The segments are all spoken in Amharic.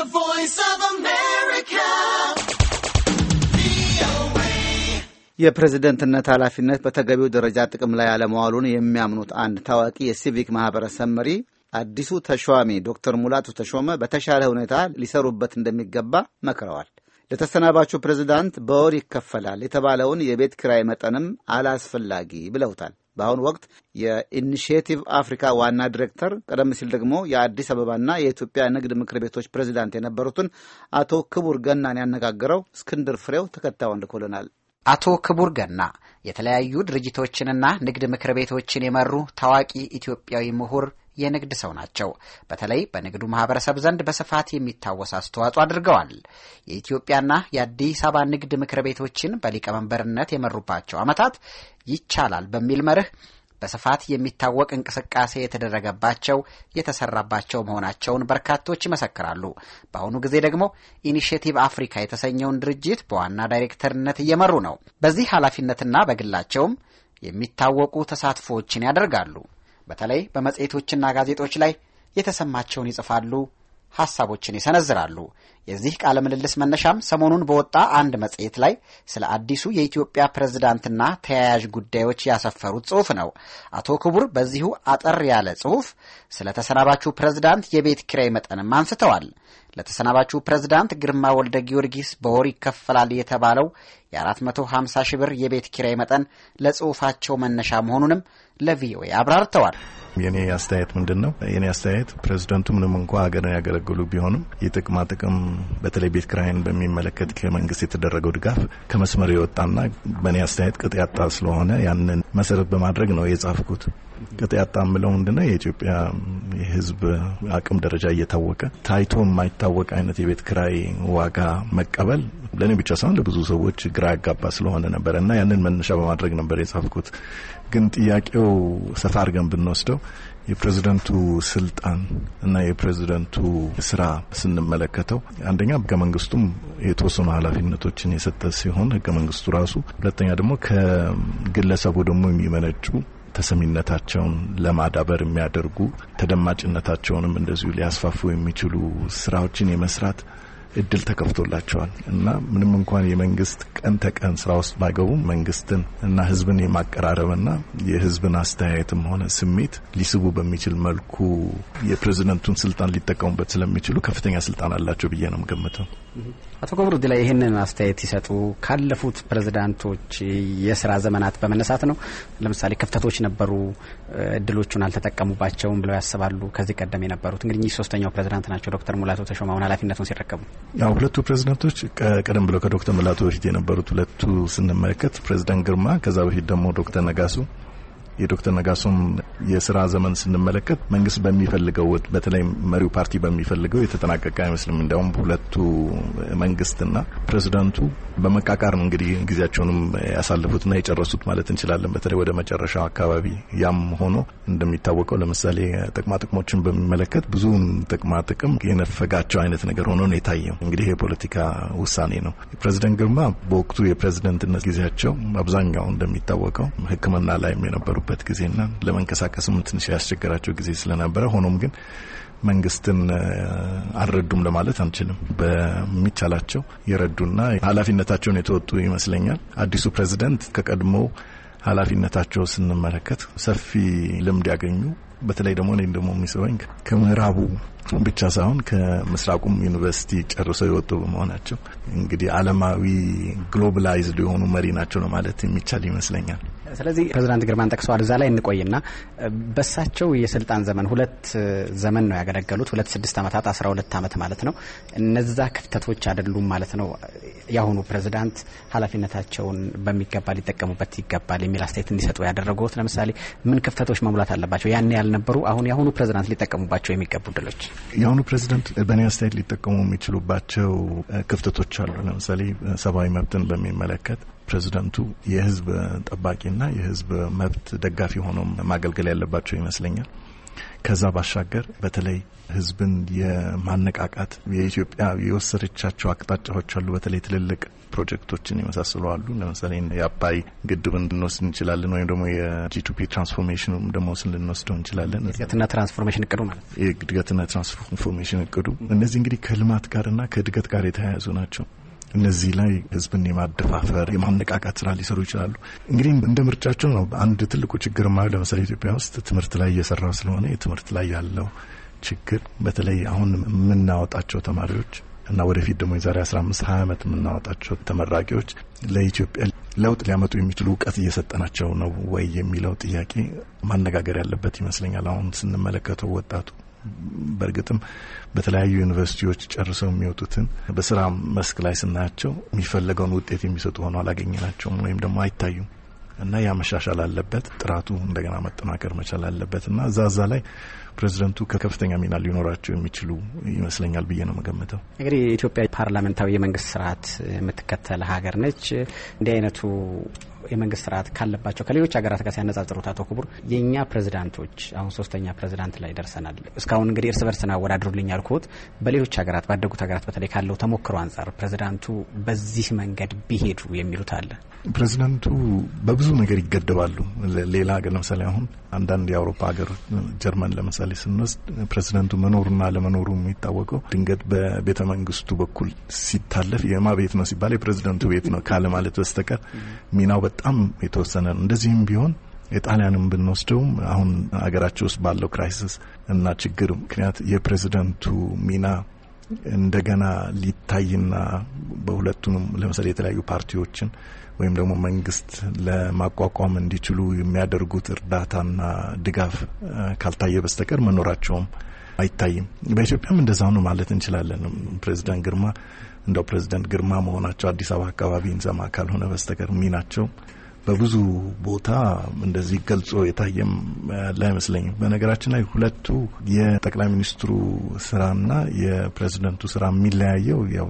The Voice of America. የፕሬዝደንትነት ኃላፊነት በተገቢው ደረጃ ጥቅም ላይ አለመዋሉን የሚያምኑት አንድ ታዋቂ የሲቪክ ማህበረሰብ መሪ አዲሱ ተሿሚ ዶክተር ሙላቱ ተሾመ በተሻለ ሁኔታ ሊሰሩበት እንደሚገባ መክረዋል። ለተሰናባቹ ፕሬዝዳንት በወር ይከፈላል የተባለውን የቤት ኪራይ መጠንም አላስፈላጊ ብለውታል። በአሁኑ ወቅት የኢኒሽቲቭ አፍሪካ ዋና ዲሬክተር፣ ቀደም ሲል ደግሞ የአዲስ አበባና የኢትዮጵያ ንግድ ምክር ቤቶች ፕሬዚዳንት የነበሩትን አቶ ክቡር ገናን ያነጋገረው እስክንድር ፍሬው ተከታዩን ልኮልናል። አቶ ክቡር ገና የተለያዩ ድርጅቶችንና ንግድ ምክር ቤቶችን የመሩ ታዋቂ ኢትዮጵያዊ ምሁር የንግድ ሰው ናቸው። በተለይ በንግዱ ማህበረሰብ ዘንድ በስፋት የሚታወስ አስተዋጽኦ አድርገዋል። የኢትዮጵያና የአዲስ አበባ ንግድ ምክር ቤቶችን በሊቀመንበርነት የመሩባቸው ዓመታት ይቻላል በሚል መርህ በስፋት የሚታወቅ እንቅስቃሴ የተደረገባቸው የተሰራባቸው መሆናቸውን በርካቶች ይመሰክራሉ። በአሁኑ ጊዜ ደግሞ ኢኒሽቲቭ አፍሪካ የተሰኘውን ድርጅት በዋና ዳይሬክተርነት እየመሩ ነው። በዚህ ኃላፊነትና በግላቸውም የሚታወቁ ተሳትፎዎችን ያደርጋሉ። በተለይ በመጽሔቶችና ጋዜጦች ላይ የተሰማቸውን ይጽፋሉ፣ ሐሳቦችን ይሰነዝራሉ። የዚህ ቃለ ምልልስ መነሻም ሰሞኑን በወጣ አንድ መጽሔት ላይ ስለ አዲሱ የኢትዮጵያ ፕሬዝዳንትና ተያያዥ ጉዳዮች ያሰፈሩት ጽሑፍ ነው። አቶ ክቡር በዚሁ አጠር ያለ ጽሑፍ ስለ ተሰናባቹ ፕሬዝዳንት የቤት ኪራይ መጠንም አንስተዋል። ለተሰናባቹ ፕሬዝዳንት ግርማ ወልደ ጊዮርጊስ በወር ይከፈላል የተባለው የ450 ሺህ ብር የቤት ኪራይ መጠን ለጽሁፋቸው መነሻ መሆኑንም ለቪኦኤ አብራርተዋል። የኔ አስተያየት ምንድን ነው? የኔ አስተያየት ፕሬዚደንቱ ምንም እንኳ ሀገርን ያገለግሉ ቢሆንም የጥቅማ ጥቅም በተለይ ቤት ክራይን በሚመለከት ከመንግስት የተደረገው ድጋፍ ከመስመር የወጣና በእኔ አስተያየት ቅጥ ያጣ ስለሆነ ያንን መሰረት በማድረግ ነው የጻፍኩት። ቅጥ ያጣ ምለው ምንድነው? የኢትዮጵያ የህዝብ አቅም ደረጃ እየታወቀ ታይቶ የማይታወቅ አይነት የቤት ክራይ ዋጋ መቀበል ለእኔ ብቻ ሳይሆን ለብዙ ሰዎች ግራ ያጋባ ስለሆነ ነበር እና ያንን መነሻ በማድረግ ነበር የጻፍኩት። ግን ጥያቄው ሰፋ አድርገን ብንወስደው የፕሬዝደንቱ ስልጣን እና የፕሬዝደንቱ ስራ ስንመለከተው አንደኛ ህገ መንግስቱም የተወሰኑ ኃላፊነቶችን የሰጠ ሲሆን ህገ መንግስቱ ራሱ፣ ሁለተኛ ደግሞ ከግለሰቡ ደግሞ የሚመነጩ ተሰሚነታቸውን ለማዳበር የሚያደርጉ ተደማጭነታቸውንም እንደዚሁ ሊያስፋፉ የሚችሉ ስራዎችን የመስራት እድል ተከፍቶላቸዋል እና ምንም እንኳን የመንግስት ቀን ተቀን ስራ ውስጥ ባይገቡም መንግስትን እና ህዝብን የማቀራረብና የህዝብን አስተያየትም ሆነ ስሜት ሊስቡ በሚችል መልኩ የፕሬዝደንቱን ስልጣን ሊጠቀሙበት ስለሚችሉ ከፍተኛ ስልጣን አላቸው ብዬ ነው ገምተው። አቶ ገብሩ ላይ ይህንን አስተያየት ሲሰጡ ካለፉት ፕሬዚዳንቶች የስራ ዘመናት በመነሳት ነው። ለምሳሌ ክፍተቶች ነበሩ፣ እድሎቹን አልተጠቀሙባቸውም ብለው ያስባሉ? ከዚህ ቀደም የነበሩት እንግዲህ እኚህ ሶስተኛው ፕሬዚዳንት ናቸው። ዶክተር ሙላቱ ተሾመ አሁን ኃላፊነቱን ሲረከቡ ያው ሁለቱ ፕሬዚዳንቶች ቀደም ብለው ከዶክተር ሙላቱ በፊት የነበሩት ሁለቱ ስንመለከት ፕሬዚዳንት ግርማ፣ ከዛ በፊት ደግሞ ዶክተር ነጋሱ የዶክተር ነጋሶን የስራ ዘመን ስንመለከት መንግስት በሚፈልገው በተለይ መሪው ፓርቲ በሚፈልገው የተጠናቀቀ አይመስልም። እንዲያውም ሁለቱ መንግስትና ፕሬዚዳንቱ በመቃቃር ነው እንግዲህ ጊዜያቸውንም ያሳለፉትና የጨረሱት ማለት እንችላለን። በተለይ ወደ መጨረሻው አካባቢ ያም ሆኖ እንደሚታወቀው ለምሳሌ ጥቅማጥቅሞችን በሚመለከት ብዙውን ጥቅማጥቅም የነፈጋቸው አይነት ነገር ሆኖ ነው የታየው። እንግዲህ የፖለቲካ ውሳኔ ነው። ፕሬዚደንት ግርማ በወቅቱ የፕሬዚደንትነት ጊዜያቸው አብዛኛው እንደሚታወቀው ሕክምና ላይም የነበሩ የቆዩበት ጊዜና ለመንቀሳቀስም ትንሽ ያስቸገራቸው ጊዜ ስለነበረ ሆኖም ግን መንግስትን አልረዱም ለማለት አንችልም። በሚቻላቸው የረዱና ኃላፊነታቸውን የተወጡ ይመስለኛል። አዲሱ ፕሬዚደንት ከቀድሞ ኃላፊነታቸው ስንመለከት ሰፊ ልምድ ያገኙ በተለይ ደግሞ እኔ ደግሞ የሚስበኝ ከምዕራቡ ብቻ ሳይሆን ከምስራቁም ዩኒቨርሲቲ ጨርሰው የወጡ በመሆናቸው እንግዲህ ዓለማዊ ግሎባላይዝድ የሆኑ መሪ ናቸው ለማለት የሚቻል ይመስለኛል። ስለዚህ ፕሬዚዳንት ግርማን ጠቅሰዋል። እዛ ላይ እንቆይና በሳቸው የስልጣን ዘመን ሁለት ዘመን ነው ያገለገሉት፣ ሁለት ስድስት ዓመታት አስራ ሁለት ዓመት ማለት ነው። እነዛ ክፍተቶች አይደሉም ማለት ነው። የአሁኑ ፕሬዚዳንት ኃላፊነታቸውን በሚገባ ሊጠቀሙበት ይገባል የሚል አስተያየት እንዲሰጡ ያደረጉት ለምሳሌ ምን ክፍተቶች መሙላት አለባቸው ያኔ ያልነበሩ አሁን የአሁኑ ፕሬዚዳንት ሊጠቀሙባቸው የሚገቡ ድሎች የአሁኑ ፕሬዚዳንት በእኔ አስተያየት ሊጠቀሙ የሚችሉባቸው ክፍተቶች አሉ። ለምሳሌ ሰብአዊ መብትን በሚመለከት ፕሬዚደንቱ የህዝብ ጠባቂና የህዝብ መብት ደጋፊ ሆኖም ማገልገል ያለባቸው ይመስለኛል። ከዛ ባሻገር በተለይ ህዝብን የማነቃቃት የኢትዮጵያ የወሰደቻቸው አቅጣጫዎች አሉ። በተለይ ትልልቅ ፕሮጀክቶችን የመሳሰሉ አሉ። ለምሳሌ የአባይ ግድብን ልንወስድ እንችላለን፣ ወይም ደግሞ የጂቱፒ ትራንስፎርሜሽኑ ደግሞ ስን ልንወስደው እንችላለን። የእድገትና ትራንስፎርሜሽን እቅዱ ማለት የእድገትና ትራንስፎርሜሽን እቅዱ እነዚህ እንግዲህ ከልማት ጋርና ከእድገት ጋር የተያያዙ ናቸው። እነዚህ ላይ ህዝብን የማደፋፈር የማነቃቃት ስራ ሊሰሩ ይችላሉ። እንግዲህ እንደ ምርጫቸው ነው። አንድ ትልቁ ችግር ማ ለምሳሌ ኢትዮጵያ ውስጥ ትምህርት ላይ እየሰራ ስለሆነ የትምህርት ላይ ያለው ችግር በተለይ አሁን የምናወጣቸው ተማሪዎች እና ወደፊት ደግሞ የዛሬ 15 ሀያ ዓመት የምናወጣቸው ተመራቂዎች ለኢትዮጵያ ለውጥ ሊያመጡ የሚችሉ እውቀት እየሰጠናቸው ነው ወይ የሚለው ጥያቄ ማነጋገር ያለበት ይመስለኛል። አሁን ስንመለከተው ወጣቱ በእርግጥም በተለያዩ ዩኒቨርሲቲዎች ጨርሰው የሚወጡትን በስራ መስክ ላይ ስናያቸው የሚፈለገውን ውጤት የሚሰጡ ሆነው አላገኘናቸውም ወይም ደግሞ አይታዩም እና ያ መሻሻል አለበት። ጥራቱ እንደገና መጠናከር መቻል አለበት እና እዛ እዛ ላይ ፕሬዚደንቱ ከከፍተኛ ሚና ሊኖራቸው የሚችሉ ይመስለኛል ብዬ ነው መገምተው። እንግዲህ የኢትዮጵያ ፓርላመንታዊ የመንግስት ስርዓት የምትከተል ሀገር ነች። እንዲህ አይነቱ የመንግስት ስርዓት ካለባቸው ከሌሎች ሀገራት ጋር ሲያነጻጽሩት አቶ ክቡር የእኛ ፕሬዚዳንቶች አሁን ሶስተኛ ፕሬዚዳንት ላይ ደርሰናል። እስካሁን እንግዲህ እርስ በርስን አወዳድሩልኝ ያልኩት በሌሎች ሀገራት ባደጉት ሀገራት በተለይ ካለው ተሞክሮ አንጻር ፕሬዚዳንቱ በዚህ መንገድ ቢሄዱ የሚሉት አለ። ፕሬዚዳንቱ በብዙ ነገር ይገደባሉ። ሌላ ሀገር ለምሳሌ አሁን አንዳንድ የአውሮፓ ሀገር ጀርመን ለምሳሌ ስንወስድ ፕሬዚዳንቱ መኖሩና ለመኖሩ የሚታወቀው ድንገት በቤተ መንግስቱ በኩል ሲታለፍ የማ ቤት ነው ሲባል የፕሬዚዳንቱ ቤት ነው ካለ ማለት በስተቀር ሚናው በጣም የተወሰነ ነው። እንደዚህም ቢሆን የጣሊያንም ብንወስደውም አሁን ሀገራቸው ውስጥ ባለው ክራይሲስ እና ችግር ምክንያት የፕሬዚደንቱ ሚና እንደገና ሊታይና በሁለቱንም ለምሳሌ የተለያዩ ፓርቲዎችን ወይም ደግሞ መንግስት ለማቋቋም እንዲችሉ የሚያደርጉት እርዳታና ድጋፍ ካልታየ በስተቀር መኖራቸውም አይታይም። በኢትዮጵያም እንደዛ ነው ማለት እንችላለን። ፕሬዚዳንት ግርማ እንደው ፕሬዚዳንት ግርማ መሆናቸው አዲስ አበባ አካባቢ እንሰማ ካልሆነ በስተቀር ሚናቸው በብዙ ቦታ እንደዚህ ገልጾ የታየም ያለ አይመስለኝም። በነገራችን ላይ ሁለቱ የጠቅላይ ሚኒስትሩ ስራና የፕሬዚደንቱ ስራ የሚለያየው ያው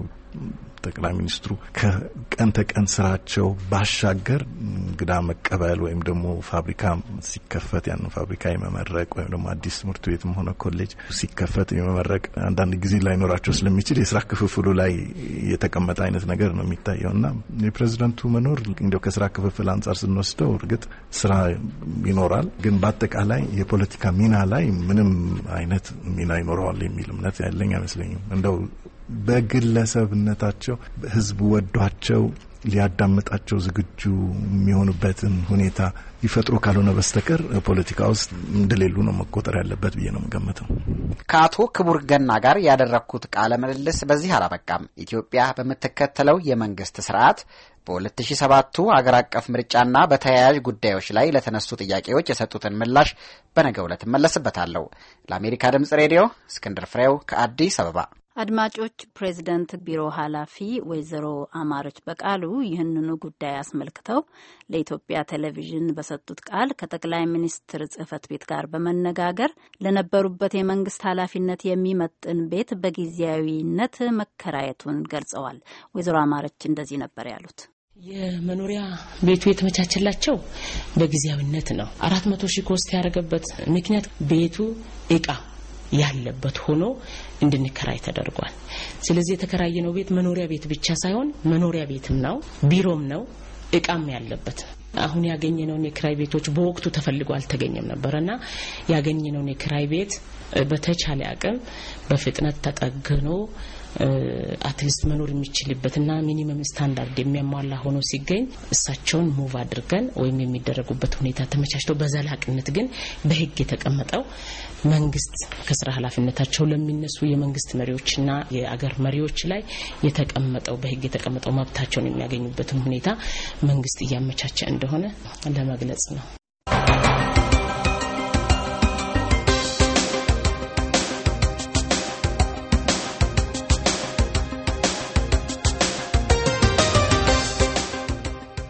ጠቅላይ ሚኒስትሩ ከቀን ተቀን ስራቸው ባሻገር እንግዳ መቀበል ወይም ደግሞ ፋብሪካ ሲከፈት ያንን ፋብሪካ የመመረቅ ወይም ደግሞ አዲስ ትምህርት ቤትም ሆነ ኮሌጅ ሲከፈት የመመረቅ አንዳንድ ጊዜ ላይኖራቸው ስለሚችል የስራ ክፍፍሉ ላይ የተቀመጠ አይነት ነገር ነው የሚታየው እና የፕሬዚደንቱ መኖር እንዲያው ከስራ ክፍፍል አንጻር ስንወስደው እርግጥ ስራ ይኖራል፣ ግን በአጠቃላይ የፖለቲካ ሚና ላይ ምንም አይነት ሚና ይኖረዋል የሚል እምነት ያለኝ አይመስለኝም እንደው በግለሰብነታቸው ህዝብ ወዷቸው ሊያዳምጣቸው ዝግጁ የሚሆኑበትን ሁኔታ ይፈጥሩ ካልሆነ በስተቀር ፖለቲካ ውስጥ እንደሌሉ ነው መቆጠር ያለበት ብዬ ነው የምገምተው። ከአቶ ክቡር ገና ጋር ያደረግኩት ቃለ ምልልስ በዚህ አላበቃም። ኢትዮጵያ በምትከተለው የመንግስት ስርዓት በ2007ቱ አገር አቀፍ ምርጫና በተያያዥ ጉዳዮች ላይ ለተነሱ ጥያቄዎች የሰጡትን ምላሽ በነገው ዕለት እመለስበታለሁ። ለአሜሪካ ድምጽ ሬዲዮ እስክንድር ፍሬው ከአዲስ አበባ አድማጮች ፕሬዚደንት ቢሮ ኃላፊ ወይዘሮ አማረች በቃሉ ይህንኑ ጉዳይ አስመልክተው ለኢትዮጵያ ቴሌቪዥን በሰጡት ቃል ከጠቅላይ ሚኒስትር ጽህፈት ቤት ጋር በመነጋገር ለነበሩበት የመንግስት ኃላፊነት የሚመጥን ቤት በጊዜያዊነት መከራየቱን ገልጸዋል። ወይዘሮ አማረች እንደዚህ ነበር ያሉት። የመኖሪያ ቤቱ የተመቻቸላቸው በጊዜያዊነት ነው። አራት መቶ ሺህ ኮስት ያደረገበት ምክንያት ቤቱ እቃ ያለበት ሆኖ እንድንከራይ ተደርጓል። ስለዚህ የተከራየነው ቤት መኖሪያ ቤት ብቻ ሳይሆን መኖሪያ ቤትም ነው፣ ቢሮም ነው፣ እቃም ያለበት አሁን ያገኘነውን የክራይ ቤቶች በወቅቱ ተፈልጎ አልተገኘም ነበር እና ያገኘነውን የክራይ ቤት በተቻለ አቅም በፍጥነት ተጠግኖ አትሊስት መኖር የሚችልበትና ሚኒመም ስታንዳርድ የሚያሟላ ሆኖ ሲገኝ እሳቸውን ሙቭ አድርገን ወይም የሚደረጉበት ሁኔታ ተመቻችተው በዘላቅነት ግን በህግ የተቀመጠው መንግስት ከስራ ኃላፊነታቸው ለሚነሱ የመንግስት መሪዎችና የአገር መሪዎች ላይ የተቀመጠው በህግ የተቀመጠው መብታቸውን የሚያገኙበትን ሁኔታ መንግስት እያመቻቸ እንደሆነ ለመግለጽ ነው።